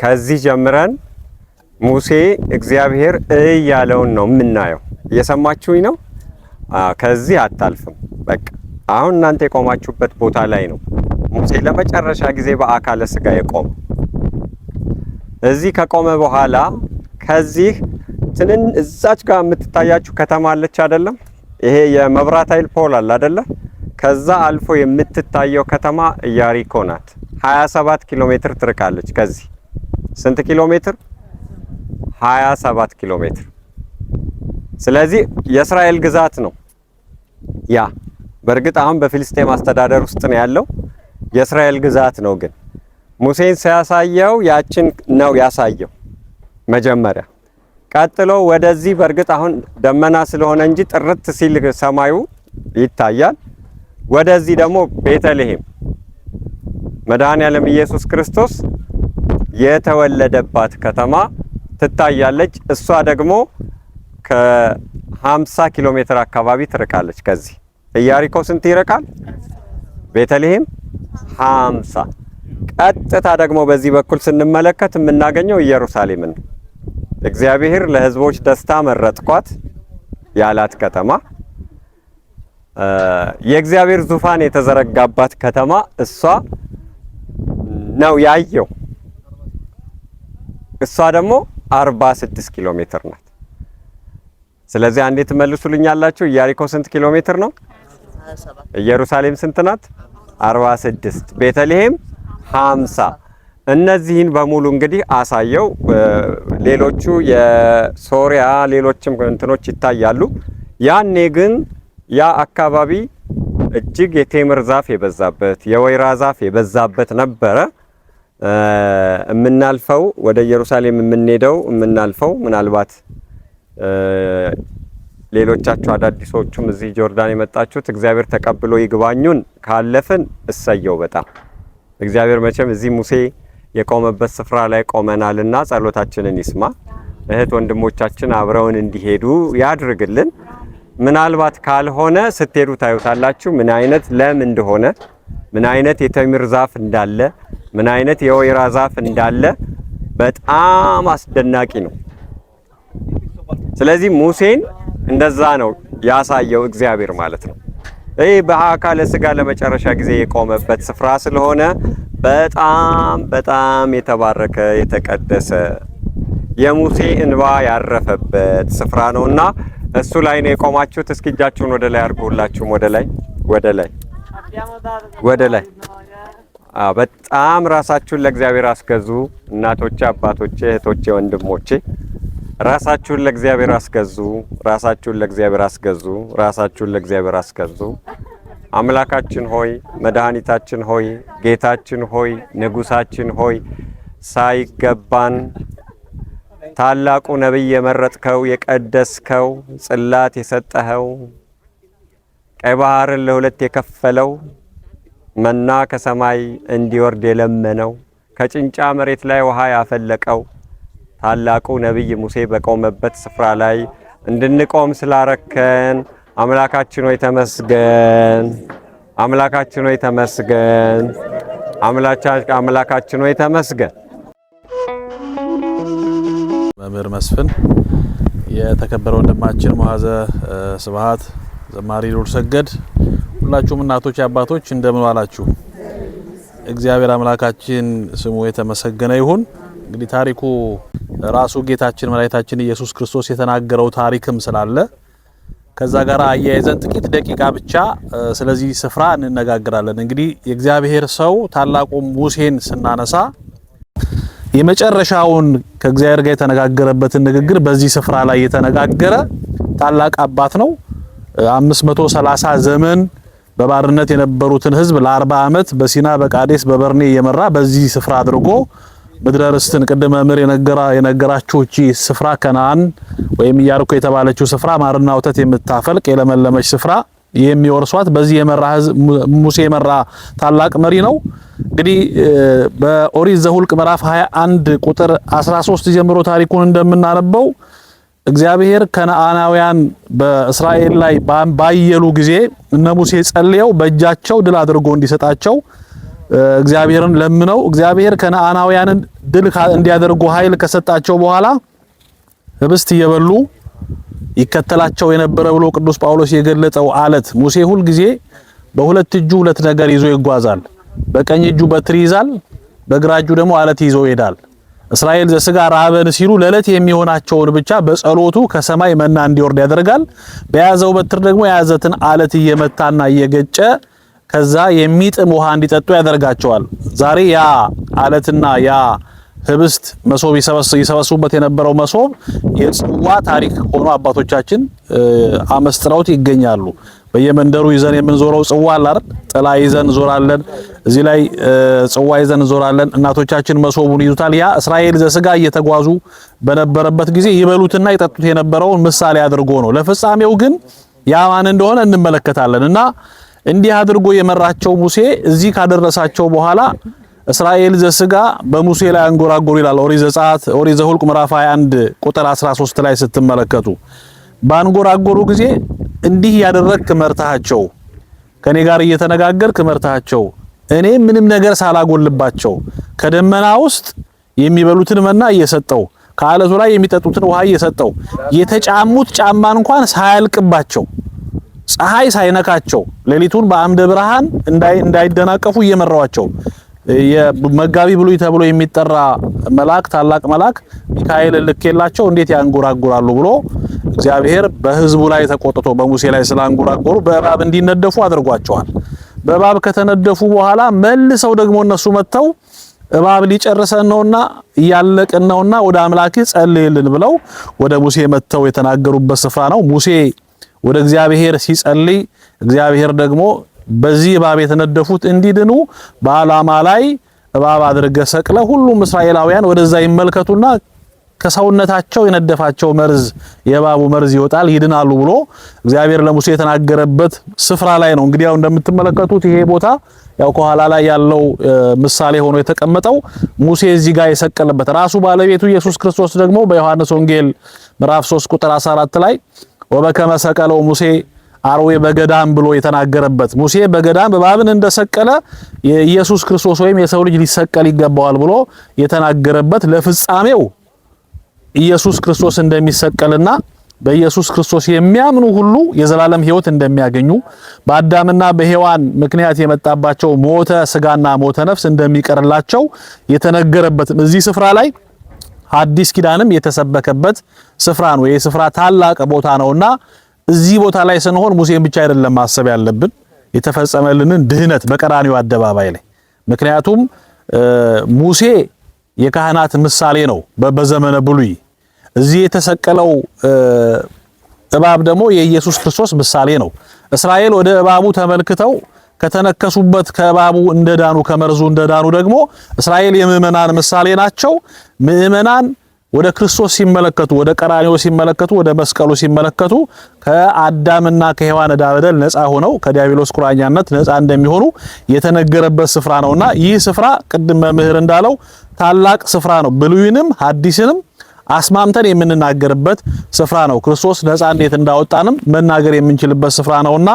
ከዚህ ጀምረን ሙሴ እግዚአብሔር እይ ያለውን ነው የምናየው። እየሰማችሁኝ ነው? ከዚህ አታልፍም። በቃ አሁን እናንተ የቆማችሁበት ቦታ ላይ ነው ሙሴ ለመጨረሻ ጊዜ በአካለ ስጋ የቆመ። እዚህ ከቆመ በኋላ ከዚህ ትንን እዛች ጋር የምትታያችሁ ከተማ አለች አይደለም? ይሄ የመብራት ኃይል ፖል አለ አይደለ? ከዛ አልፎ የምትታየው ከተማ ኢያሪኮ ናት። 27 ኪሎ ሜትር ትርቃለች። ከዚህ ስንት ኪሎ ሜትር? 27 ኪሎ ሜትር። ስለዚህ የእስራኤል ግዛት ነው ያ። በእርግጥ አሁን በፊልስጤም አስተዳደር ውስጥ ነው ያለው፣ የእስራኤል ግዛት ነው። ግን ሙሴን ሲያሳየው ያችን ነው ያሳየው መጀመሪያ ቀጥሎ ወደዚህ በእርግጥ አሁን ደመና ስለሆነ እንጂ ጥርት ሲል ሰማዩ ይታያል። ወደዚህ ደግሞ ቤተልሔም መድኃኔዓለም ኢየሱስ ክርስቶስ የተወለደባት ከተማ ትታያለች። እሷ ደግሞ ከ50 ኪሎ ሜትር አካባቢ ትርቃለች። ከዚህ ኢያሪኮ ስንት ይርቃል? ቤተልሔም 50። ቀጥታ ደግሞ በዚህ በኩል ስንመለከት የምናገኘው ኢየሩሳሌምን ነው። እግዚአብሔር ለህዝቦች ደስታ መረጥኳት ያላት ከተማ የእግዚአብሔር ዙፋን የተዘረጋባት ከተማ እሷ ነው ያየው። እሷ ደግሞ 46 ኪሎ ሜትር ናት። ስለዚህ አንዴ ትመልሱልኛላችሁ። ኢያሪኮ ስንት ኪሎ ሜትር ነው? ኢየሩሳሌም ስንት ናት? 46 ቤተልሔም 50 እነዚህን በሙሉ እንግዲህ አሳየው። ሌሎቹ የሶሪያ ሌሎችም እንትኖች ይታያሉ። ያኔ ግን ያ አካባቢ እጅግ የቴምር ዛፍ የበዛበት የወይራ ዛፍ የበዛበት ነበረ። የምናልፈው ወደ ኢየሩሳሌም የምንሄደው የምናልፈው ምናልባት ሌሎቻችሁ አዳዲሶቹም እዚህ ጆርዳን የመጣችሁት እግዚአብሔር ተቀብሎ ይግባኙን ካለፍን እሰየው። በጣም እግዚአብሔር መቼም እዚህ ሙሴ የቆመበት ስፍራ ላይ ቆመናልና ጸሎታችንን ይስማ። እህት ወንድሞቻችን አብረውን እንዲሄዱ ያድርግልን። ምናልባት ካልሆነ ስትሄዱ ታዩታላችሁ ምን አይነት ለም እንደሆነ፣ ምን አይነት የተምር ዛፍ እንዳለ፣ ምን አይነት የወይራ ዛፍ እንዳለ በጣም አስደናቂ ነው። ስለዚህ ሙሴን እንደዛ ነው ያሳየው እግዚአብሔር ማለት ነው። ይህ በአካለ ስጋ ለመጨረሻ ጊዜ የቆመበት ስፍራ ስለሆነ በጣም በጣም የተባረከ የተቀደሰ የሙሴ እንባ ያረፈበት ስፍራ እና እሱ ላይ ነው የቆማችሁት። እስኪ እጃችሁን ወደ ላይ አድርጉላችሁም ወደ ላይ ወደ ላይ ወደ ላይ። በጣም ራሳችሁን ለእግዚአብሔር አስገዙ። እናቶቼ፣ አባቶቼ፣ እህቶቼ፣ ወንድሞቼ ራሳችሁን ለእግዚአብሔር አስገዙ። ራሳችሁን ለእግዚአብሔር አስገዙ። ራሳችሁን ለእግዚአብሔር አስገዙ። አምላካችን ሆይ መድኃኒታችን ሆይ ጌታችን ሆይ ንጉሳችን ሆይ ሳይገባን ታላቁ ነቢይ የመረጥከው የቀደስከው ጽላት የሰጠኸው ቀይ ባህርን ለሁለት የከፈለው መና ከሰማይ እንዲወርድ የለመነው ከጭንጫ መሬት ላይ ውሃ ያፈለቀው ታላቁ ነቢይ ሙሴ በቆመበት ስፍራ ላይ እንድንቆም ስላረከን አምላካችን ሆይ ተመስገን፣ አምላካችን ሆይ ተመስገን፣ አምላካችን ሆይ ተመስገን። መምህር መስፍን የተከበረ ወንድማችን መሐዘ ስብሐት ዘማሪ ዱር ሰገድ፣ ሁላችሁም እናቶች አባቶች እንደምን ዋላችሁ? እግዚአብሔር አምላካችን ስሙ የተመሰገነ ይሁን። እንግዲህ ታሪኩ ራሱ ጌታችን መድኃኒታችን ኢየሱስ ክርስቶስ የተናገረው ታሪክም ስላለ ከዛ ጋር አያይዘን ጥቂት ደቂቃ ብቻ ስለዚህ ስፍራ እንነጋግራለን። እንግዲህ የእግዚአብሔር ሰው ታላቁ ሙሴን ስናነሳ የመጨረሻውን ከእግዚአብሔር ጋር የተነጋገረበትን ንግግር በዚህ ስፍራ ላይ የተነጋገረ ታላቅ አባት ነው። 530 ዘመን በባርነት የነበሩትን ሕዝብ ለ40 ዓመት በሲና በቃዴስ በበርኔ እየመራ በዚህ ስፍራ አድርጎ ምድረ ርስትን ቅድመ ምር የነገራ የነገራችሁ እቺ ስፍራ ከነአን ወይም ኢያሪኮ የተባለችው ስፍራ ማርና ወተት የምታፈልቅ የለመለመች ስፍራ የሚወርሷት በዚህ የመራ ህዝብ ሙሴ የመራ ታላቅ መሪ ነው። እንግዲህ በኦሪት ዘሁልቅ ምዕራፍ 21 ቁጥር 13 ጀምሮ ታሪኩን እንደምናነበው እግዚአብሔር ከነአናውያን በእስራኤል ላይ ባየሉ ጊዜ እነ ሙሴ ጸልየው በእጃቸው ድል አድርጎ እንዲሰጣቸው እግዚአብሔርን ለምነው እግዚአብሔር ከነአናውያንን ድል እንዲያደርጉ ኃይል ከሰጣቸው በኋላ ህብስት እየበሉ ይከተላቸው የነበረ ብሎ ቅዱስ ጳውሎስ የገለጸው አለት ሙሴ ሁል ጊዜ በሁለት እጁ ሁለት ነገር ይዞ ይጓዛል። በቀኝ እጁ በትር ይዛል፣ በግራ እጁ ደግሞ አለት ይዞ ይሄዳል። እስራኤል ዘስጋ ራበን ሲሉ ለዕለት የሚሆናቸውን ብቻ በጸሎቱ ከሰማይ መና እንዲወርድ ያደርጋል። በያዘው በትር ደግሞ የያዘትን አለት እየመታና እየገጨ ከዛ የሚጥም ውሃ እንዲጠጡ ያደርጋቸዋል። ዛሬ ያ አለትና ያ ህብስት መሶብ ይሰበስቡበት የነበረው መሶብ የጽዋ ታሪክ ሆኖ አባቶቻችን አመስጥረውት ይገኛሉ። በየመንደሩ ይዘን የምንዞረው ጽዋ አለ አይደል? ጥላ ይዘን ዞራለን። እዚህ ላይ ጽዋ ይዘን ዞራለን። እናቶቻችን መሶቡን ይዙታል። ያ እስራኤል ዘስጋ እየተጓዙ በነበረበት ጊዜ ይበሉትና ይጠጡት የነበረውን ምሳሌ አድርጎ ነው። ለፍጻሜው ግን ያማን እንደሆነ እንመለከታለን እና እንዲህ አድርጎ የመራቸው ሙሴ እዚህ ካደረሳቸው በኋላ እስራኤል ዘስጋ በሙሴ ላይ አንጎራጎሩ ይላል። ኦሪት ዘጸአት ኦሪት ዘኍልቍ ምዕራፍ 21 ቁጥር 13 ላይ ስትመለከቱ ባንጎራጎሩ ጊዜ እንዲህ ያደረግክ መርታሃቸው፣ ከኔ ጋር እየተነጋገርክ መርታሃቸው፣ እኔ ምንም ነገር ሳላጎልባቸው ከደመና ውስጥ የሚበሉትን መና እየሰጠው ከአለቱ ላይ የሚጠጡትን ውሃ እየሰጠው የተጫሙት ጫማ እንኳን ሳያልቅባቸው ፀሐይ ሳይነካቸው ሌሊቱን በአምደ ብርሃን እንዳይደናቀፉ እየመራዋቸው መጋቢ ብሉይ ተብሎ የሚጠራ መልአክ ታላቅ መልአክ ሚካኤል ልኬላቸው እንዴት ያንጎራጉራሉ ብሎ እግዚአብሔር በሕዝቡ ላይ ተቆጥቶ በሙሴ ላይ ስላንጎራጎሩ በእባብ እንዲነደፉ አድርጓቸዋል። በእባብ ከተነደፉ በኋላ መልሰው ደግሞ እነሱ መጥተው እባብ ሊጨርሰን ነውና እያለቅን ነውና ወደ አምላክ ጸልይልን ብለው ወደ ሙሴ መጥተው የተናገሩበት ስፍራ ነው። ሙሴ ወደ እግዚአብሔር ሲጸልይ እግዚአብሔር ደግሞ በዚህ እባብ የተነደፉት እንዲድኑ በዓላማ ላይ እባብ አድርገ ሰቅለ ሁሉም እስራኤላውያን ወደዛ ይመልከቱና ከሰውነታቸው የነደፋቸው መርዝ የእባቡ መርዝ ይወጣል፣ ይድናሉ ብሎ እግዚአብሔር ለሙሴ የተናገረበት ስፍራ ላይ ነው። እንግዲህ ያው እንደምትመለከቱት ይሄ ቦታ ያው ከኋላ ላይ ያለው ምሳሌ ሆኖ የተቀመጠው ሙሴ እዚህ ጋር የሰቀለበት ራሱ ባለቤቱ ኢየሱስ ክርስቶስ ደግሞ በዮሐንስ ወንጌል ምዕራፍ 3 ቁጥር 14 ላይ ወበከመ ሰቀለው ሙሴ አርዌ በገዳም ብሎ የተናገረበት ሙሴ በገዳም እባብን እንደሰቀለ የኢየሱስ ክርስቶስ ወይም የሰው ልጅ ሊሰቀል ይገባዋል ብሎ የተናገረበት ለፍጻሜው ኢየሱስ ክርስቶስ እንደሚሰቀልና በኢየሱስ ክርስቶስ የሚያምኑ ሁሉ የዘላለም ሕይወት እንደሚያገኙ በአዳምና በሔዋን ምክንያት የመጣባቸው ሞተ ስጋና ሞተ ነፍስ እንደሚቀርላቸው የተነገረበት እዚህ ስፍራ ላይ ሐዲስ ኪዳንም የተሰበከበት ስፍራ ነው። ይሄ ስፍራ ታላቅ ቦታ ነውና እዚህ ቦታ ላይ ስንሆን ሙሴን ብቻ አይደለም ማሰብ ያለብን የተፈጸመልንን ድህነት በቀራኒው አደባባይ ላይ ምክንያቱም ሙሴ የካህናት ምሳሌ ነው በዘመነ ብሉይ። እዚህ የተሰቀለው እባብ ደግሞ የኢየሱስ ክርስቶስ ምሳሌ ነው። እስራኤል ወደ እባቡ ተመልክተው ከተነከሱበት ከባቡ እንደዳኑ ከመርዙ እንደዳኑ ደግሞ እስራኤል የምእመናን ምሳሌ ናቸው። ምእመናን ወደ ክርስቶስ ሲመለከቱ፣ ወደ ቀራንዮ ሲመለከቱ፣ ወደ መስቀሉ ሲመለከቱ ከአዳምና ከሔዋን ዕዳ በደል ነፃ ሆነው ከዲያብሎስ ቁራኛነት ነፃ እንደሚሆኑ የተነገረበት ስፍራ ነውና ይህ ስፍራ ቅድመ ምህር እንዳለው ታላቅ ስፍራ ነው። ብሉይንም ሐዲስንም አስማምተን የምንናገርበት ስፍራ ነው። ክርስቶስ ነፃ እንዴት እንዳወጣንም መናገር የምንችልበት ስፍራ ነውና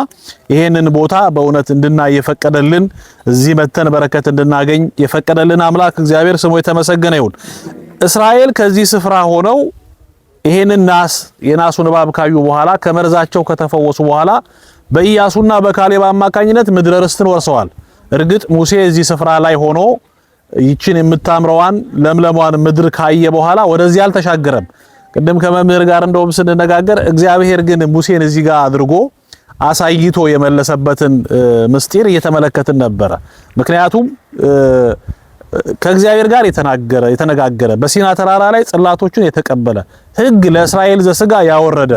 ይሄንን ቦታ በእውነት እንድናይ የፈቀደልን እዚህ መተን በረከት እንድናገኝ የፈቀደልን አምላክ እግዚአብሔር ስሙ የተመሰገነ ይሁን። እስራኤል ከዚህ ስፍራ ሆነው ይሄንን ናስ የናሱን እባብ ካዩ በኋላ ከመርዛቸው ከተፈወሱ በኋላ በኢያሱና በካሌብ አማካኝነት ምድረ ርስትን ወርሰዋል። እርግጥ ሙሴ እዚህ ስፍራ ላይ ሆኖ ይችን የምታምረዋን ለምለሟን ምድር ካየ በኋላ ወደዚህ አልተሻገረም። ቅድም ከመምህር ጋር እንደውም ስንነጋገር እግዚአብሔር ግን ሙሴን እዚህ ጋር አድርጎ አሳይቶ የመለሰበትን ምስጢር እየተመለከትን ነበረ። ምክንያቱም ከእግዚአብሔር ጋር የተናገረ የተነጋገረ በሲና ተራራ ላይ ጽላቶቹን የተቀበለ ሕግ ለእስራኤል ዘስጋ ያወረደ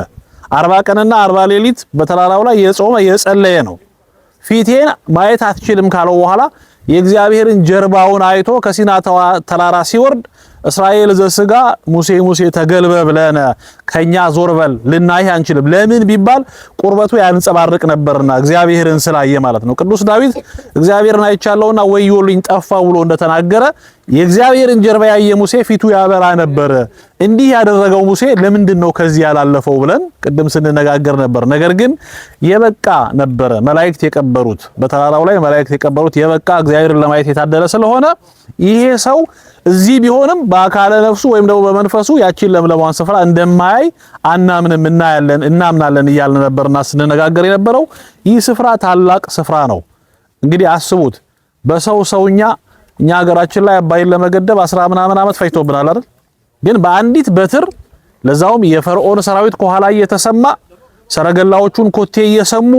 አርባ ቀንና አርባ ሌሊት በተራራው ላይ የጾመ የጸለየ ነው። ፊቴን ማየት አትችልም ካለው በኋላ የእግዚአብሔርን ጀርባውን አይቶ ከሲና ተራራ ሲወርድ እስራኤል ዘስጋ ሙሴ ሙሴ ተገልበ ብለነ ከኛ ዞር በል ልናይህ አንችልም። ለምን ቢባል ቁርበቱ ያንጸባርቅ ነበርና እግዚአብሔርን ስላየ ማለት ነው። ቅዱስ ዳዊት እግዚአብሔርን አይቻለውና ወዮልኝ ጠፋ ብሎ እንደተናገረ የእግዚአብሔርን ጀርባ ያየ ሙሴ ፊቱ ያበራ ነበረ። እንዲህ ያደረገው ሙሴ ለምንድን ነው ከዚህ ያላለፈው ብለን ቅድም ስንነጋገር ነበር። ነገር ግን የበቃ ነበረ። መላእክት የቀበሩት በተራራው ላይ መላእክት የቀበሩት የበቃ እግዚአብሔርን ለማየት የታደለ ስለሆነ ይሄ ሰው እዚህ ቢሆንም በአካለ ነፍሱ ወይም ደግሞ በመንፈሱ ያቺን ለምለሟን ስፍራ እንደማያይ አናምንም፣ እናያለን፣ እናምናለን እያልን ነበርና ስንነጋገር የነበረው ይህ ስፍራ ታላቅ ስፍራ ነው። እንግዲህ አስቡት በሰው ሰውኛ እኛ ሀገራችን ላይ አባይን ለመገደብ አስራ ምናምን ዓመት ፈጅቶብናል አይደል? ግን በአንዲት በትር ለዛውም የፈርዖን ሰራዊት ከኋላ እየተሰማ ሰረገላዎቹን ኮቴ እየሰሙ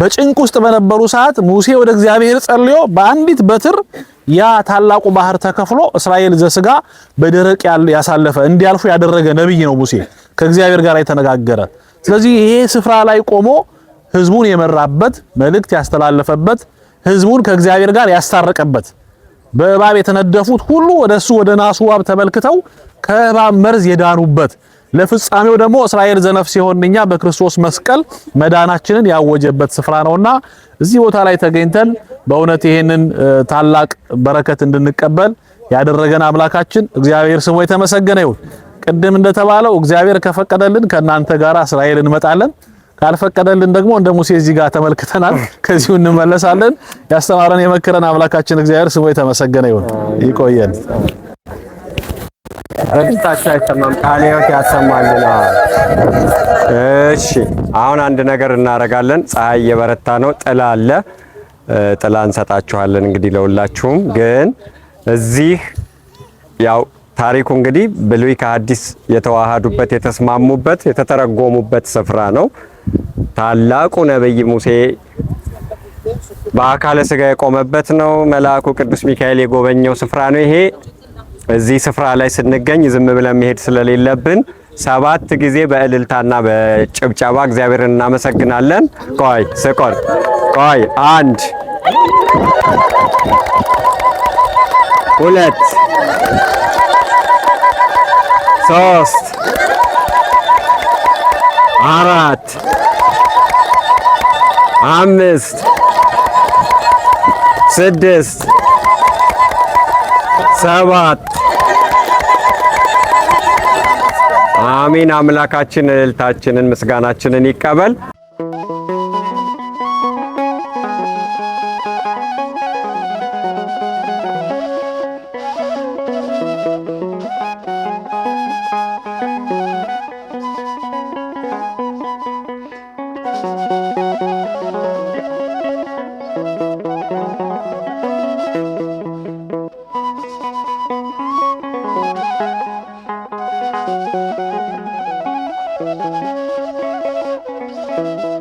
በጭንቅ ውስጥ በነበሩ ሰዓት ሙሴ ወደ እግዚአብሔር ጸልዮ በአንዲት በትር ያ ታላቁ ባህር ተከፍሎ እስራኤል ዘስጋ በደረቅ ያሳለፈ እንዲያልፉ ያደረገ ነብይ ነው ሙሴ ከእግዚአብሔር ጋር የተነጋገረ። ስለዚህ ይሄ ስፍራ ላይ ቆሞ ህዝቡን የመራበት መልእክት ያስተላለፈበት ህዝቡን ከእግዚአብሔር ጋር ያስታረቀበት በእባብ የተነደፉት ሁሉ ወደሱ ወደ ናሱ እባብ ተመልክተው ከእባብ መርዝ የዳኑበት ለፍጻሜው ደግሞ እስራኤል ሲሆን እኛ በክርስቶስ መስቀል መዳናችንን ያወጀበት ስፍራ ነውና እዚህ ቦታ ላይ ተገኝተን በእውነት ይሄንን ታላቅ በረከት እንድንቀበል ያደረገን አምላካችን እግዚአብሔር ስሙ የተመሰገነ ይሁን። ቅድም እንደተባለው እግዚአብሔር ከፈቀደልን ከእናንተ ጋር እስራኤል እንመጣለን። ካልፈቀደልን ደግሞ እንደ ሙሴ እዚህ ጋር ተመልክተናል። ከዚሁ እንመለሳለን። ያስተማረን የመከረን አምላካችን እግዚአብሔር ስሙ የተመሰገነ ይሁን። ይቆየን። ረድታችሁ አይሰማም ቃለ ሕይወት ያሰማልና። እሺ አሁን አንድ ነገር እናደርጋለን። ፀሐይ እየበረታ ነው። ጥላ አለ። ጥላ እንሰጣችኋለን። እንግዲህ ለሁላችሁም ግን እዚህ ያው ታሪኩ እንግዲህ ብሉይ ከሐዲስ የተዋሃዱበት የተስማሙበት የተተረጎሙበት ስፍራ ነው። ታላቁ ነብይ ሙሴ በአካለ ስጋ የቆመበት ነው። መልአኩ ቅዱስ ሚካኤል የጎበኘው ስፍራ ነው ይሄ። እዚህ ስፍራ ላይ ስንገኝ ዝም ብለን መሄድ ስለሌለብን ሰባት ጊዜ በእልልታና በጭብጨባ እግዚአብሔርን እናመሰግናለን። ቆይ ስቆር ቆይ፣ አንድ ሁለት ሶስት አራት አምስት ስድስት ሰባት አሜን። አምላካችን እልልታችንን ምስጋናችንን ይቀበል። Thank you.